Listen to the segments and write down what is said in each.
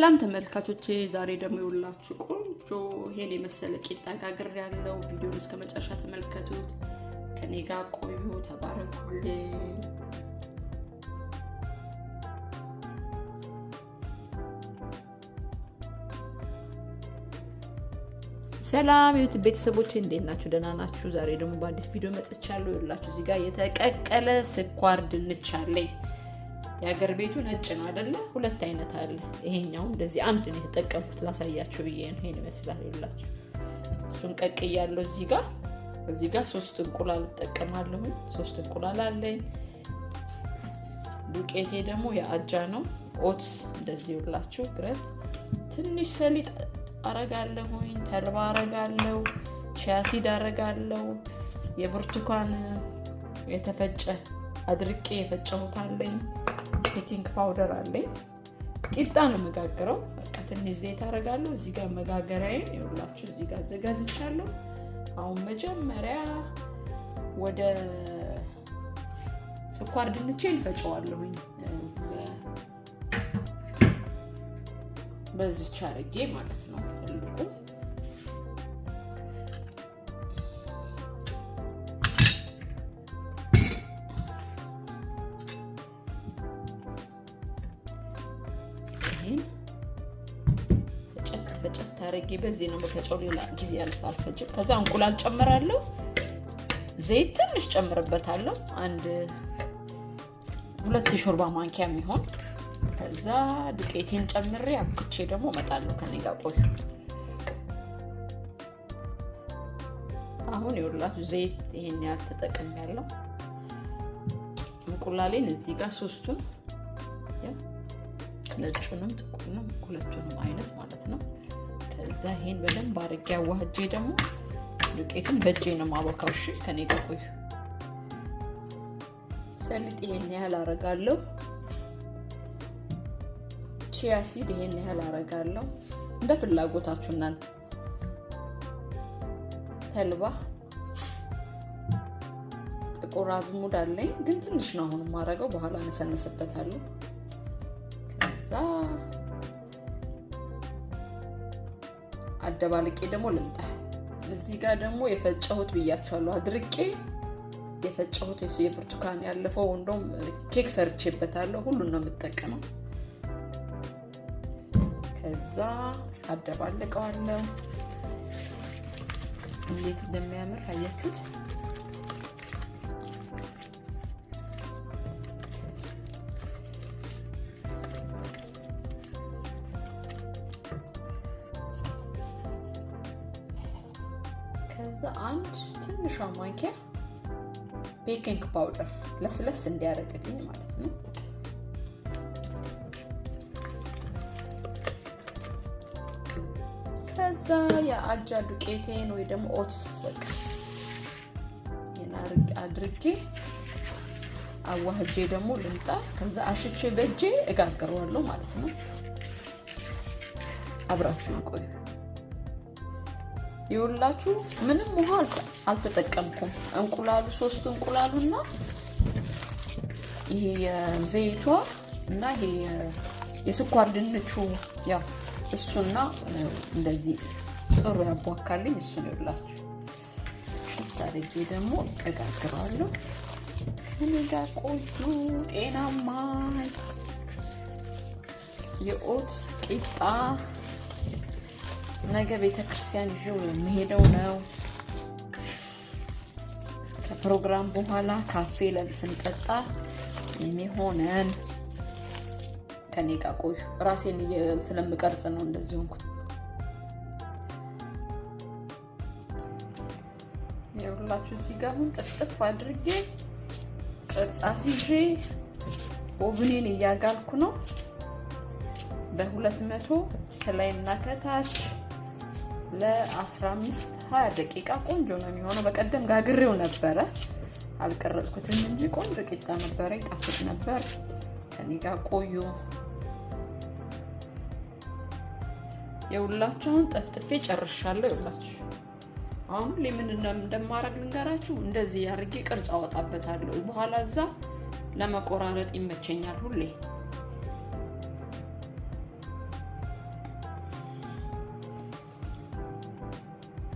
ሰላም ተመልካቾቼ፣ ዛሬ ደግሞ የውላችሁ ቆንጆ ይሄን የመሰለ ቂጣ ጋግር ያለው ቪዲዮ እስከ መጨረሻ ተመልከቱት። ከኔ ጋር ቆዩ፣ ተባረኩልኝ። ሰላም ዩት ቤተሰቦች እንዴት ናችሁ? ደህና ናችሁ? ዛሬ ደግሞ በአዲስ ቪዲዮ መጥቻለሁ። ይላችሁ እዚህ ጋር የተቀቀለ ስኳር ድንች አለኝ። የሀገር ቤቱ ነጭ ነው አደለ ሁለት አይነት አለ። ይሄኛው እንደዚህ አንድ ነው የተጠቀምኩት ላሳያቸው ብዬ ነው። ይሄን ይመስላል ይላችሁ። እሱን ቀቅ እያለው እዚህ ጋር እዚህ ጋር ሶስት እንቁላል እጠቀማለሁ። ሶስት እንቁላል አለኝ። ዱቄቴ ደግሞ የአጃ ነው። ኦትስ እንደዚህ ይላችሁ ግረት። ትንሽ ሰሊጥ አረጋለሁኝ፣ ተልባ አረጋለሁ፣ ሻያሲድ አረጋለሁ፣ የብርቱካን የተፈጨ አድርቄ የፈጨሁት አለኝ ቤኪንግ ፓውደር አለኝ። ቂጣ ነው የምጋግረው። በቃ ትንሽ ዘይት አረጋለሁ እዚህ ጋር መጋገሪያዬን ይኸውላችሁ እዚህ ጋር አዘጋጅቻለሁ። አሁን መጀመሪያ ወደ ስኳር ድንቼ ፈጨዋለሁኝ በዚች አድርጌ ማለት ነው ትልቁ ታረጌ በዚህ ነው መፈጨው። ሌላ ጊዜ አልፈጭም። ከዛ እንቁላል ጨምራለሁ። ዘይት ትንሽ ጨምርበታለሁ፣ አንድ ሁለት የሾርባ ማንኪያ የሚሆን። ከዛ ዱቄቴን ጨምሬ አብክቼ ደግሞ እመጣለሁ። ከኔ ጋር ቆዩ። አሁን የወላቱ ዘይት ይሄን ያህል ተጠቅም ያለው እንቁላሌን እዚህ ጋር ሶስቱን ነጩንም ጥቁርንም ሁለቱንም አይነት ማለት ነው ከዛ ይሄን በደንብ አድርጌ አዋህጄ ደግሞ ዱቄቱን በእጄ ነው ማቦካው። እሺ ከኔ ጋር ቆዩ። ሰሊጥ ይሄን ያህል አረጋለሁ። ቺያ ሲድ ይሄን ያህል አረጋለሁ። እንደ ፍላጎታችሁ እናንተ። ተልባ፣ ጥቁር አዝሙድ አለኝ ግን ትንሽ ነው አሁን የማደርገው በኋላ አነሰንስበታለሁ ከዛ አደባልቄ ደግሞ ልምጣ። እዚህ ጋር ደግሞ የፈጨሁት ብያቸዋለሁ። አድርቄ የፈጨሁት የብርቱካን ያለፈው እንደም ኬክ ሰርቼበታለሁ። ሁሉን ነው የምጠቀመው። ከዛ አደባልቀዋለሁ። እንዴት እንደሚያምር አያችሁት? ከዛ አንድ ትንሿ ማንኪያ ቤኪንግ ፓውደር ለስለስ እንዲያደርግልኝ ማለት ነው። ከዛ የአጃ ዱቄቴን ወይ ደግሞ ኦትስ በቃ አድርጌ አዋህጄ ደግሞ ልምጣ። ከዛ አሽቼ በጄ እጋግረዋለሁ ማለት ነው። አብራችሁ ይቆዩ። ይኸውላችሁ ምንም ውሃ አልተጠቀምኩም። እንቁላሉ ሶስቱ እና ይሄ የዘይቷ እና ይሄ የስኳር ድንቹ ያው እሱና እንደዚህ ጥሩ ያቧካልኝ ነው ይኸውላችሁ ታርጌ ደግሞ እጋግራለሁ። እኔ ጋር ቆዩ። ጤናማ የኦት ቂጣ ነገ ቤተ ክርስቲያን ይዤው የምሄደው ነው። ከፕሮግራም በኋላ ካፌ ስንጠጣ የሚሆነን ከኔ ጋር ቆዩ። ራሴን ስለምቀርጽ ነው እንደዚህ ሆንኩት። የሁላችሁ እዚህ ጋር አሁን ጥፍጥፍ አድርጌ ቅርጻ ሲዤ ኦቭኔን እያጋልኩ ነው በሁለት መቶ እና ከታች ለ15 20 ደቂቃ ቆንጆ ነው የሚሆነው። በቀደም ጋግሬው ነበረ አልቀረጽኩትም እንጂ ቆንጆ ቂጣ ነበረ፣ ይጣፍጥ ነበር። ከኔ ጋር ቆዩ። የሁላቸውን ጠፍጥፌ ጨርሻለሁ። የሁላችሁ አሁን ላይ ምን እንደማረግ ልንገራችሁ። እንደዚህ ያርጌ ቅርጽ አወጣበታለሁ። በኋላ እዛ ለመቆራረጥ ይመቸኛል ሁሌ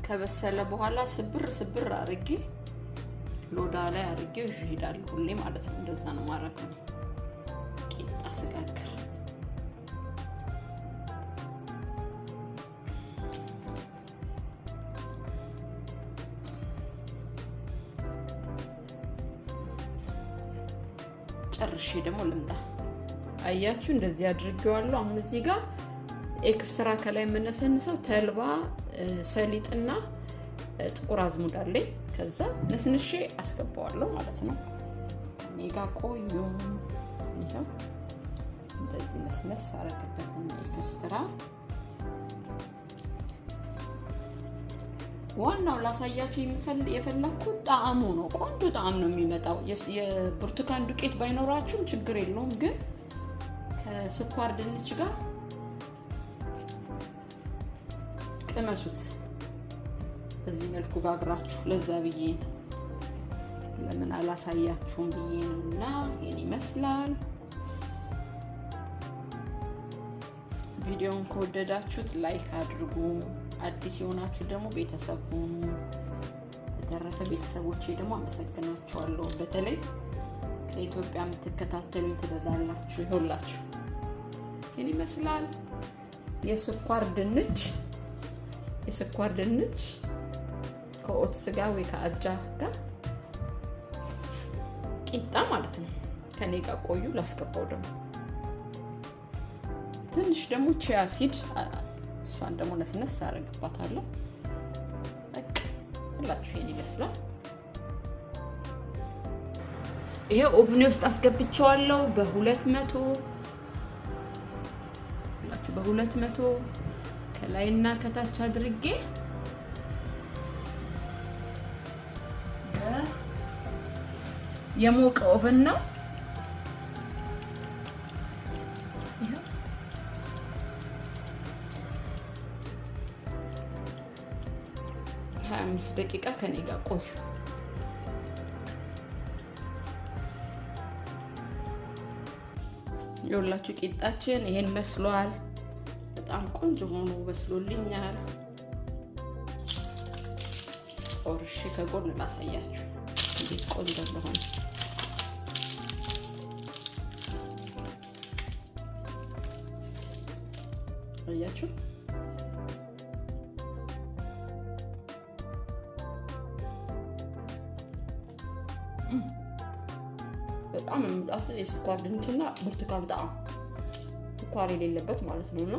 ከበሰለ በኋላ ስብር ስብር አርጌ ሎዳ ላይ አርጌ ይዤ እሄዳለሁ። ሁሌ ማለት ነው። እንደዛ ነው ማድረግ ነው። ቂጣ ስጋክር ጨርሼ ደግሞ ልምጣ። አያችሁ፣ እንደዚህ አድርጌዋለሁ። አሁን እዚህ ጋር ኤክስትራ ከላይ የምነሰንሰው ተልባ ሰሊጥና ጥቁር አዝሙድ አለኝ። ከዛ ነስንሼ አስገባዋለሁ ማለት ነው። ኔጋ ቆዩ። እንደዚህ ነስነስ አረግበትና ኤክስትራ ዋናው ላሳያቸው የፈለግኩት ጣዕሙ ነው። ቆንጆ ጣዕም ነው የሚመጣው። የብርቱካን ዱቄት ባይኖራችሁም ችግር የለውም፣ ግን ከስኳር ድንች ጋር ቅመሱት። በዚህ መልኩ ጋግራችሁ ለዛ ብዬ ለምን አላሳያችሁም ብዬ ነው እና ይህን ይመስላል። ቪዲዮውን ከወደዳችሁት ላይክ አድርጉ። አዲስ የሆናችሁ ደግሞ ቤተሰብ ሁኑ። በተረፈ ቤተሰቦቼ ደግሞ አመሰግናቸዋለሁ። በተለይ ከኢትዮጵያ የምትከታተሉኝ ትበዛላችሁ። ይሆላችሁ ይህን ይመስላል የስኳር ድንች የስኳር ድንች ከኦት ስጋ ወይ ከአጃ ጋር ቂጣ ማለት ነው። ከኔ ጋር ቆዩ ላስገባው። ደግሞ ትንሽ ደግሞ ቺያ ሲድ እሷን ደግሞ ነስነስ አደርግባታለሁ። ሁላችሁ ይሄን ይመስላል። ይሄ ኦቭኔ ውስጥ አስገብቸዋለው በሁለት መቶ ሁላችሁ በሁለት መቶ ከላይ እና ከታች አድርጌ የሞቀ ኦቨን ነው። ሀያ አምስት ደቂቃ ከኔ ጋር ቆዩ። የሁላችሁ ቂጣችን ይሄን መስሏል። በጣም ቆንጆ ሆኖ በስሎልኛል። ቆርሼ ከጎን ላሳያችሁ እንዴት ቆንጆ እንደሆነ። አያችሁ በጣም የሚጣፍጥ የስኳር ድንችና ብርቱካን ጣዕም ስኳር የሌለበት ማለት ነው እና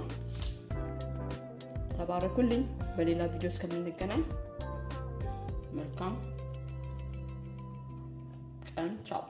ተባረኩልኝ። በሌላ ቪዲዮ እስከምንገናኝ መልካም ቀን። ቻው